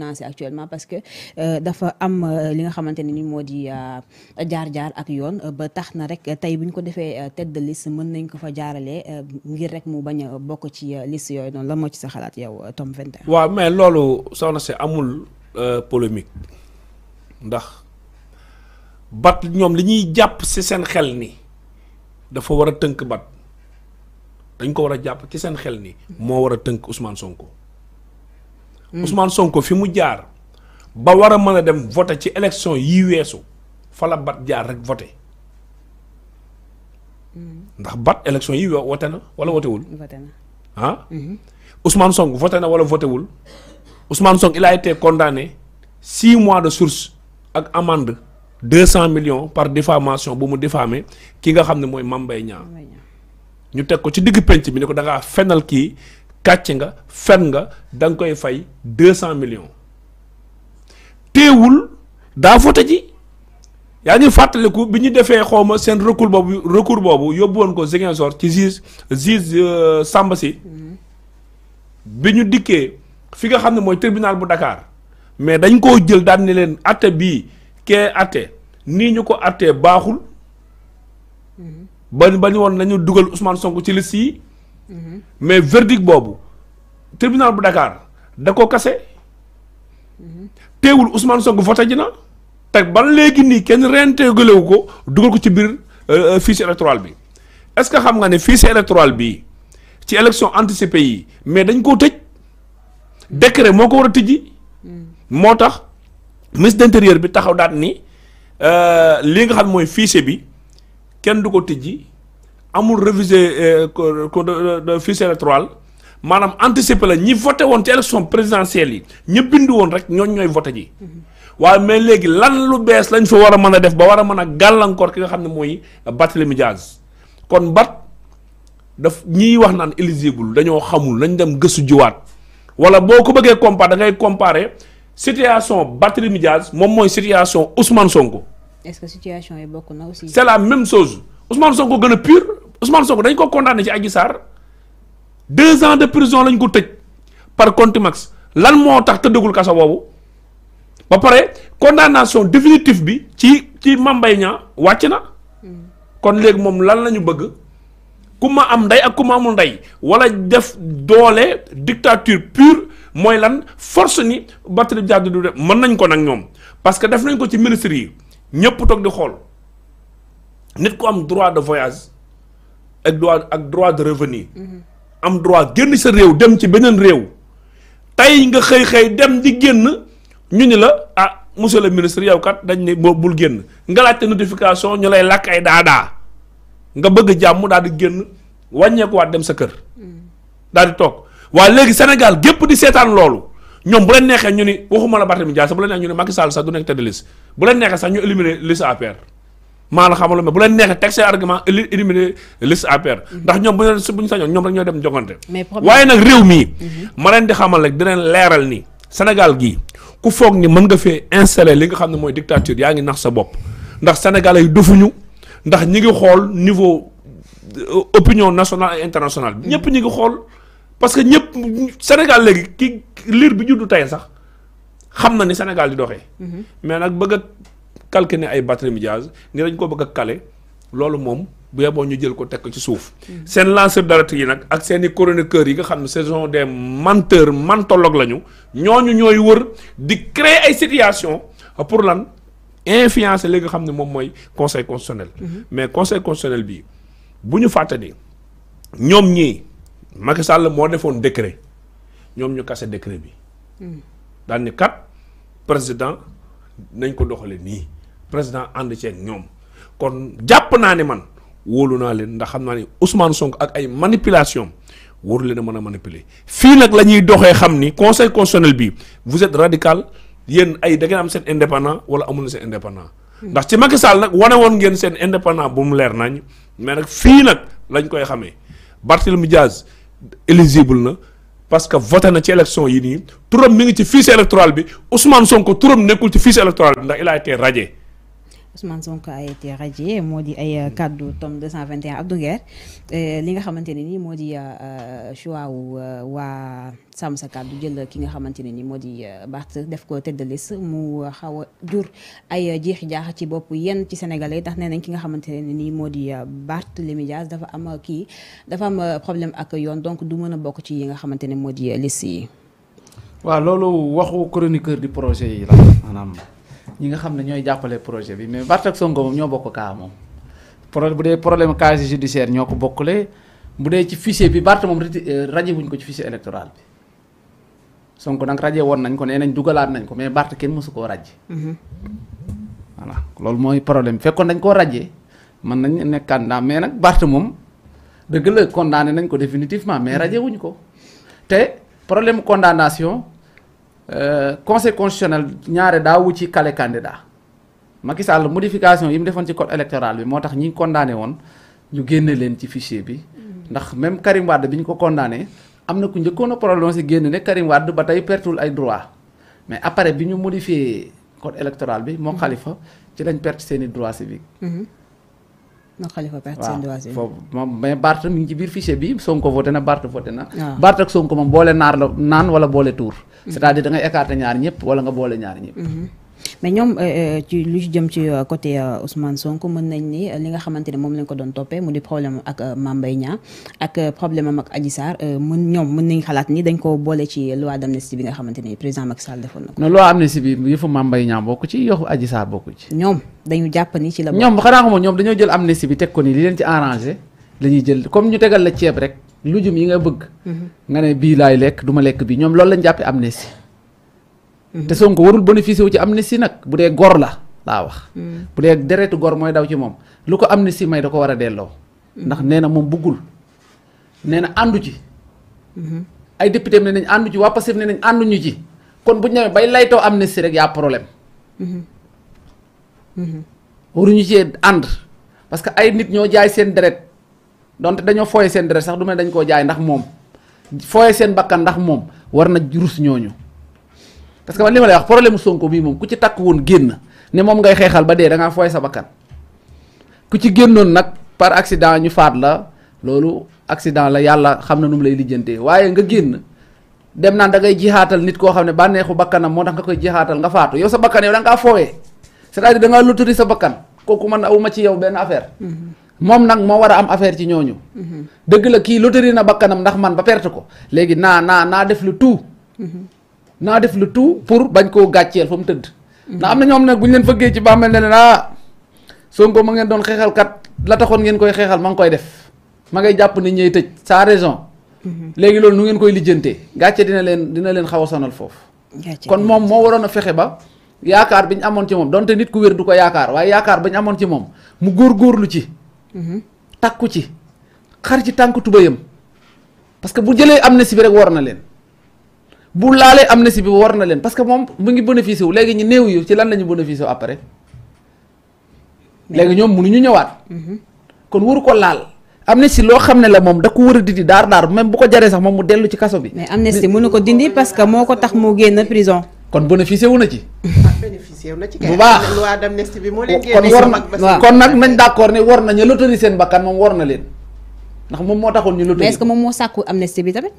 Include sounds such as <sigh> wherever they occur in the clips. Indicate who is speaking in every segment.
Speaker 1: financé actuellement parce que euh, dafa am euh, li nga xamante ne ni moo di euh, jaar-jaar ak yoon ba tax na rek tey bu ñu ko defee tête de mën nañ ko fa jaaralee ngir rek mu bañ a bokk ci liste yooyu noonu la moo ci sa xalaat yow Tom 21.
Speaker 2: waaw mais loolu soxna si amul polémique ndax bat ñoom li ñuy jàpp si seen xel ni dafa war a tënk bat dañ ko war a jàpp ci seen xel ni moo war a tënk Ousmane Sonko. Hmm. Ousmane Sonko fi mu jaar ba wara a dem voter ci élection yi weesu fa la bat jaar rek voter hmm. ndax bat élection yi wote na wala wotewul ah hmm. Ousmane Sonko voté na wala wul Ousmane Sonko il a été condamné 6 mois de source ak amende 200 millions par diffamation bu mu diffamé ki nga xamné moy mooy Mame Niang ñu tek ko ci digg penc bi ne ko da nga fénal ki kàcc nga fen nga da nga koy fay deux cent millions teewul daa voté ji yaa ngi fàttaliku bi ñu defee xawma seen recours boobu recours boobu yóbbu woon ko Ziguinchor ci juge juge euh, sàmba si mm-hmm. bi ñu dikkee fi nga xam ne mooy tribunal bu dakaar mais dañ koo jël daan ne leen atte bi kee atte nii ñu ko attee baaxul mm-hmm. ba ba ñu woon nañu dugal Ousmane sonk ci liste yi mais verdict boobu tribunal bu Dakar da ko kase teewul Ousmane Sonko voté ji na teg ba léegi nii kenn réintégré wu ko dugal ko ci biir euh, euh, fichier électoral bi est-ce que xam nga ne fichier électoral bi ci élection anticipée yi mais dañ koo tëj décret moo ko war a tijji moo tax ministre d'intérieur bi taxaw daat ni euh, li nga xam mooy fichier bi kenn du ko tijji amul réviser euh, fiche électorale manam anticiper la ñi voté woon ci élection présidentielle yi ñi bindu won rek ñooñ ñoy voté ji mhm. wa mais légui lan lu bess lañ fi wara mëna def ba wara mëna mën a ki nga xam moy mooy Barthélémy kon bat daf ñi wax naan éligible dañoo xamul lañ dem gëstu jiwaat wala boo ko bëggee da ngay comparer situation Barthélémy Dias mom moy situation Ousmane Sonko.
Speaker 1: est-ce que situation yi bokk na aussi.
Speaker 2: c'est la même chose Ousmane Sonko gëna pire. Ousmane Sonko dañ ko condamné ci Adji Sar 2 ans de prison lañ ko tejj par compte max lan mo tax te degul kasso bobu ba paré condamnation définitive bi ci ci mambay ña wàcc na kon léegi mom lan lañu bëgg ku ma am nday ak ku ma amul nday wala def doole dictature pure moy lan force ni batri Dias du man nañ ko nak ñom parce que def nañ ko ci ministère yi ñepp tok di xol nit ku am droit de voyage ak droit ak droit de revenu. am droit génn sa réew dem ci beneen réew. tey nga xëy xëy dem di génn ñu ni la ah monsieur le ministre yow kat dañ ne boo bul génn nga laajte notification ñu lay lakk ay daadaa nga bëgg jàmm daal di génn wàññeekuwaat dem sa kër. daa di toog waaye léegi Sénégal gépp di seetaan loolu ñoom bu leen neexee ñu ni waxuma la Barthélémy Dias sax bu leen neexee ñu ni Macky sax du nekk tête bu leen neexee sax ñu éliminer liste APR. maa la xamaloon mais bu leen neexee teg seen argument éliminer liste APR ndax ñoom bu ñoo bu ñu sañoon ñoom rek ñooy dem jogante waaye nag réew mii mhm. ma leen di xamal rek dinañ leeral ni Sénégal gii ku foog ni mën nga fee installer li nga xam ne mooy dictature yaa ngi nax sa bopp ndax sénégalais yi ñu ndax ñi ngi xool niveau euh, opinion nationale et internationale ñëpp ñi ngi xool parce que ñëpp Sénégal léegi ki liir bi juddu tey sax xam na ni Sénégal di doxee mhm. mais nag bëgg calqué ay Barthélémy Dias ni dañ ko bëgg a lolu mom bu yeboo ñu jël ko teg ci suuf. Mm-hmm. sen lanceur d'alerte yi nak ak seen i chroniqueurs yi nga xam saison des menteurs mentologues lañu ñoñu ñoy wër di créer ay situation pour lan influencer li nga xam mom moy conseil constitutionnel. Mm-hmm. mais conseil constitutionnel bi buñu ñu fàtte ni ñoom Macky Sall mo defoon décret ñom ñu kase décret bi. Mm-hmm. dal ni kat président nañ ko doxalee ni président ànd ceeg ñom kon japp naa man wóolu len ndax xam naa ne Ousmane Sonko ak ay manipulation waru leen a manipuler fi nak lañuy ñuy xam ni conseil constitutionnel bi vous êtes radical yéen ay da ngeen am seen indépendant wala amul seen indépendant ndax ci Macky Sall nag wane woon ngeen sen indépendant bu mu leer nañ mais nak fi nak lañ koy xamé Barthélemy Diaz éligible na parce que voté na ci élection yi ni turam mi ngi ci fichier électoral bi Ousmane Sonko turam nekkul ci fichier électoral ndax il a été radié
Speaker 1: Ousmane Sonko a été radié moo di ay euh, kaddu tome 221 Abdou Nguer li nga xamante ne nii moo di euh, euh, choix wu waa sàmm sa kaddu jël ki nga xamante ne nii moo di Barth def ko tête de mu xaw a jur ay jeexi jaax ci bopp yenn ci sénégalais ndax nee nañ ki nga xamante ne nii moo di Barthélémy Dias dafa am kii dafa am problème ak yoon donc du mën a bokk ci yi nga xamante ne moo di liste yi. waaw loolu waxu chroniqueur du projet yi la ñi nga xam ne ñooy jàppale projet bi mais Bartak Songo moom ñoo bokk kaa
Speaker 3: moom problème bu dee problème casier judiciaire ñoo ko bokkule bu dee ci fichier bi Bart moom euh, rajé wuñ ko ci fichier électoral bi Sonko nag rajé woon nañ ko nee nañ dugalaat nañ ko mais Bart kenn mosu koo rajé. Mhm. voilà loolu mooy problème fekkoon nañ koo rajé man nañ nekk kanda mais nag Bart moom dëgg la condamné nañ ko définitivement mais mhm. rajé wuñ ko te problème condamnation Euh, conseil constitutionnel ñaare daawu ci kale candidat Macky Sall modification yi mu defoon ci code électoral bi moo tax ñi condamné woon ñu génne leen ci fichier bi mm. ndax même Karim Wade bi ñu ko condamné am na ku njëkkoon a si génn ne Karim Wade ba tey pertul ay droit mais après bi ñu modifié code électoral bi moo mm. Khalifa ci lañ perte seeni droit civique
Speaker 1: mm-hmm. na Khalifa perte seen waaw
Speaker 3: foofu moom mais Barth mi ngi ci biir fichier bi Sonko voté na Barth voté na. waaw ah. Barth ak Sonko moom boole naar la naan wala boole tuur. c'est-à-dire ñaar ñëpp wala nga boole ñaar ñëpp. Mhm.
Speaker 1: mais ñoom euh, euh, ci lu jëm ci euh, côté Ousmane Sonko mën nañ ni li nga xamante ne moom lañ ko doon toppee mu di problème ak Mame Mbaye Niang ak problème am ak Adji Sarr mën ñoom mën nañ xalaat ni dañ ko boole ci loi d'amnistie bi nga xamante ne président Macky Sall defoon na
Speaker 3: ko. non ci yëfu Adji Sarr bokku
Speaker 1: ni ci la. ñoom xanaa xamoo
Speaker 3: ñoom dañoo jël amnistie bi teg ko nii li leen ci arrangé la ñuy jël comme ñu tegal la ceeb rek lu yi nga bëgg. Mhm. nga ne bii laay lekk du ma lekk bi ñoom lool lañ jàppee amnistie te Sonko warul bonifisi wu ci amnistie nak, bu dee gor la la wax. Hmm. budé dee gor moy daw ci mom lu ko amnistie may dako wara délo hmm. ndax néna mom bugul néna andu na àndu ci. Hmm. ay député ne nañ andu ci wa passif ne nañ ñu ci kon bu ñu ñëwee bay laytoo amnistie rek ya problème. ñu ci and parce que ay nit ñoo jaay seen deret donte dañoo seen sax du mel dañ ko jaay ndax mom seen bakkan ndax mom warna jurus ñoñu parce que man limay wax problème sonko bi mom ku ci takk won genn ne mom ngay xéxal ba dé da nga foy sa bakkan ku ci gennon nak par accident ñu faat la lolu accident la yalla xamna num lay lijeenté waye nga genn dem naan da ngay jihatal nit ko xamne ne bakkanam mo tax nga koy jihatal nga faatu yow sa bakkan yow da nga foowee c'est-à-dire da ngaa loturi sa bakkan koku man awuma ci yow ben affaire mom mm-hmm. nak mo wara am affaire ci ñooñu mm-hmm. deug la na bakkanam ndax man ba perte ko légui na na na def lu tout mm-hmm. naa def le tout pour bañ koo gàcceel fa mu tëdd. ndax am na ñoom ne bu ñu leen fëggee ci bàmmeel ne leen ah Sonko ma ngeen doon xeexal kat la taxoon ngeen koy xeexal ma ngi koy def ma ngay jàpp ne ñooy tëj saa raison. Mhm. léegi loolu nu ngeen koy lijjantee gàcce dina leen dina leen xaw sonal foofu. kon moom moo waroon a fexe ba. yaakaar bi ñu amoon ci moom donte nit ku wér du ko yaakaar waaye yaakaar ba ñu amoon ci moom mu góorgóorlu ci. Mhm. takku ci xar ci tànk tubayam parce que bu jëlee amnistie bi rek war na leen. bu laalee amnistie bi war na leen parce que moom mu ngi bénéficié wu léegi ñu néew yi ci lan la ñu bénéficié wu après léegi ñoom mënuñu ñëwaat. Mhm. kon waru ko laal. amnistie loo xam ne la moom da ko war a dindi daar daar même bu
Speaker 1: ko jaree sax moom mu dellu ci kaso bi. mais amnistie mënu ko dindi parce que moo ko tax mu génn prison. kon bénéficié na ci.
Speaker 3: Ah, bénéficié wu na ci bu baax
Speaker 1: loi bi moo leen génne kon war na kon nag nañ d'accord ne war nañu lotori seen bakkan moom war na leen ndax moom moo taxoon ñu lotori. mais moom moo sàkku amnistie bi tamit.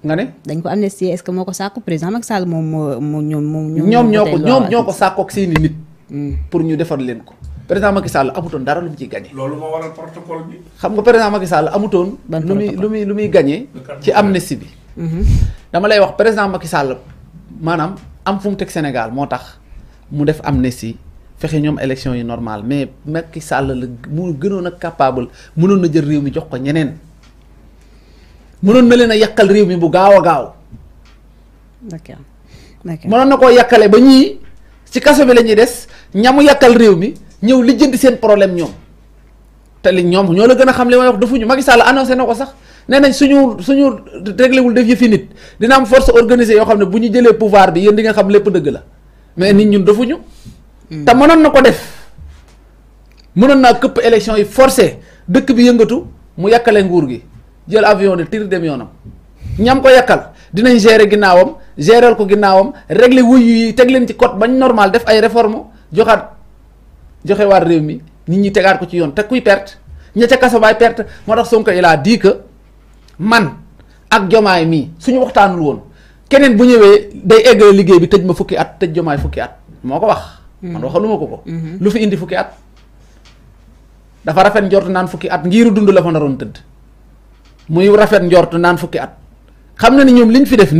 Speaker 1: nga ne dañ ko amnistie est-ce que moo ko sàkku président Macky Sall moom moo ñoom ñoom ñoo ko ñoom ñoo ko
Speaker 3: sàkkoog seeni nit hmm. pour ñu defar leen ko président Macky Sall amutoon dara lu mu ciy gagné loolu moo waral protocole bi xam nga président Macky Sall amutoon lu muy lu muy lu muy gagné ci amnistie bi hmm. dama lay wax président Macky Sall maanaam am fu mu teg Sénégal moo tax mu def amnistie fexe ñoom élection yi normal mais Macky Sall la mu gënoon a capable mënoon na jël réew mi jox ko ñeneen munon na leen a réew mi bu gaaw a gaaw.
Speaker 1: d'accord d'accord
Speaker 3: mënoon na koo ba ñi ci kasso bi lañuy dess des ñamu yakal réew mi li jënd seen problème ñom té li ñom ñoo la gëna a xam li may wax defuñu Macky Sall annoncé nako sax nee nañ suñu suñu réglé wul def yefi nit dina am force organisée yo xam ne bu ñu jëlee pouvoir bi yeen di nga xam lepp dëgg la mais nit ñun defuñu. Hmm. te ta nako def mënoon na kep élection yi forcé dëkk bi yëngatu mu yàqale nguur gi. jël avion de tir dem yoonam ñam ko yàkkal dinañ gérer ginnaawam gérer ko ginnaawam réglé wuyu yi teg leen ci code bañ normal def ay réforme joxaat joxe réew mi nit ñi tegaat ko ci yoon te kuy perte ña ca kaso baay perte moo tax Sonko il a dit man ak jomaay mii suñu waxtaanul woon keneen bu ñëwee day eggale liggéey bi tëj ma fukki at tëj jomaay fukki at moo ko wax. Mm-hmm. man waxaluma ko ko. Mm-hmm. lu fi indi fukki at. dafa rafet njort naan fukki at ngiiru dund la fa naroon tëdd. muy rafet njort naan fukki at xam na ni ñoom liñ fi def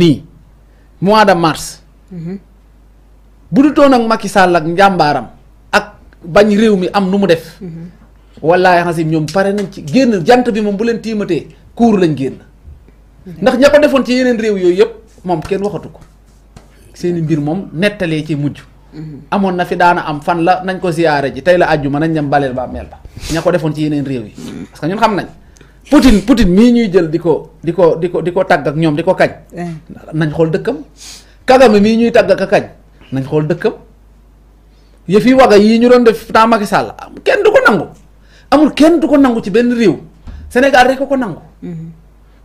Speaker 3: mois de mars mhm. bu dutoon ak Macky Sall ak njàmbaaram ak bañ mi am nu mu def mhm. wallahi xasim ñoom pare nañ ci génn jant bi moom bu leen tiimatee kuur lañ mom ndax ña ko defoon ci yeneen réew yooyu yëpp moom kenn ci mhm. na fi daana am fan la nañ ko ziyaare ji la nañ ba meel ba ña ko ci yeneen réew yi parce que ñun xam nañ Poutine Poutine mii ñuy jël di ko di ko di ko di ko tàgg ak ñoom di ko kañ. Eh. nañ xool dëkkam. Kagame mii ñuy tagg ak a kañ nañ xool dëkkam yëf yi waga yii ñu doon def temps Macky Sall kenn du ko nangu amul kenn du ko nangu ci benn réew Sénégal rek ko ko nangu. Mm-hmm.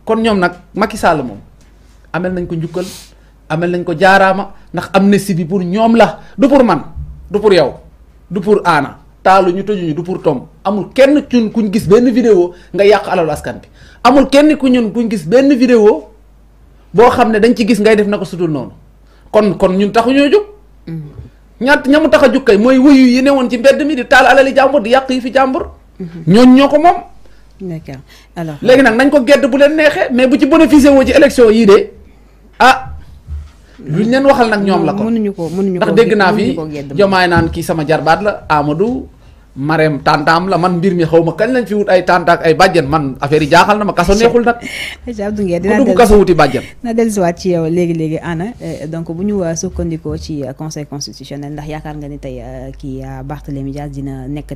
Speaker 3: kon ñoom nag Macky Sall moom amel nañ ko njukkal amel nañ ko jaaraama ndax amnistie bi pour ñoom la du pour man du pour yow du pour Aana. talu ñu ñu du pour tom amul kenn ci kuñ gis benn vidéo nga yàq alal askan bi amul kenn ku ñun kuñ gis benn vidéo boo xam ne dañ ci gis ngay def nako sudul noonu kon kon ñun taxu ñoo jóg ñaat ñamu tax a kay mooy wëyu yi newoon ci mbedd mi di taal alali jàmbur di yàq yi fi jàmbur ñooñ ñoo ko moom alors léegi nag nañ ko gedd bu leen neexee mais bu ci bénéficier woo ci élection yi de ah lu leen waxal nag ñoom la ko
Speaker 1: mënuñu ko mënuñu ko ndax dégg naa fi
Speaker 3: jomaay naan kii sama jarbaat la amadou mareem tàntaam la man mbir mi xaw ma kañ lañ fi wut ay tàntaak ay bàjjen man affaire jaaxal na ma kaso neexul nag.
Speaker 1: incha <laughs> allah ku dugg kaso wuti bàjjen. <laughs> na dellusiwaat ci yow léegi léegi ana eh, donc bu ñu euh, sukkandikoo ci euh, conseil constitutionnel ndax yaakaar nga ni tey euh, kii Barthélémy Dias dina nekk.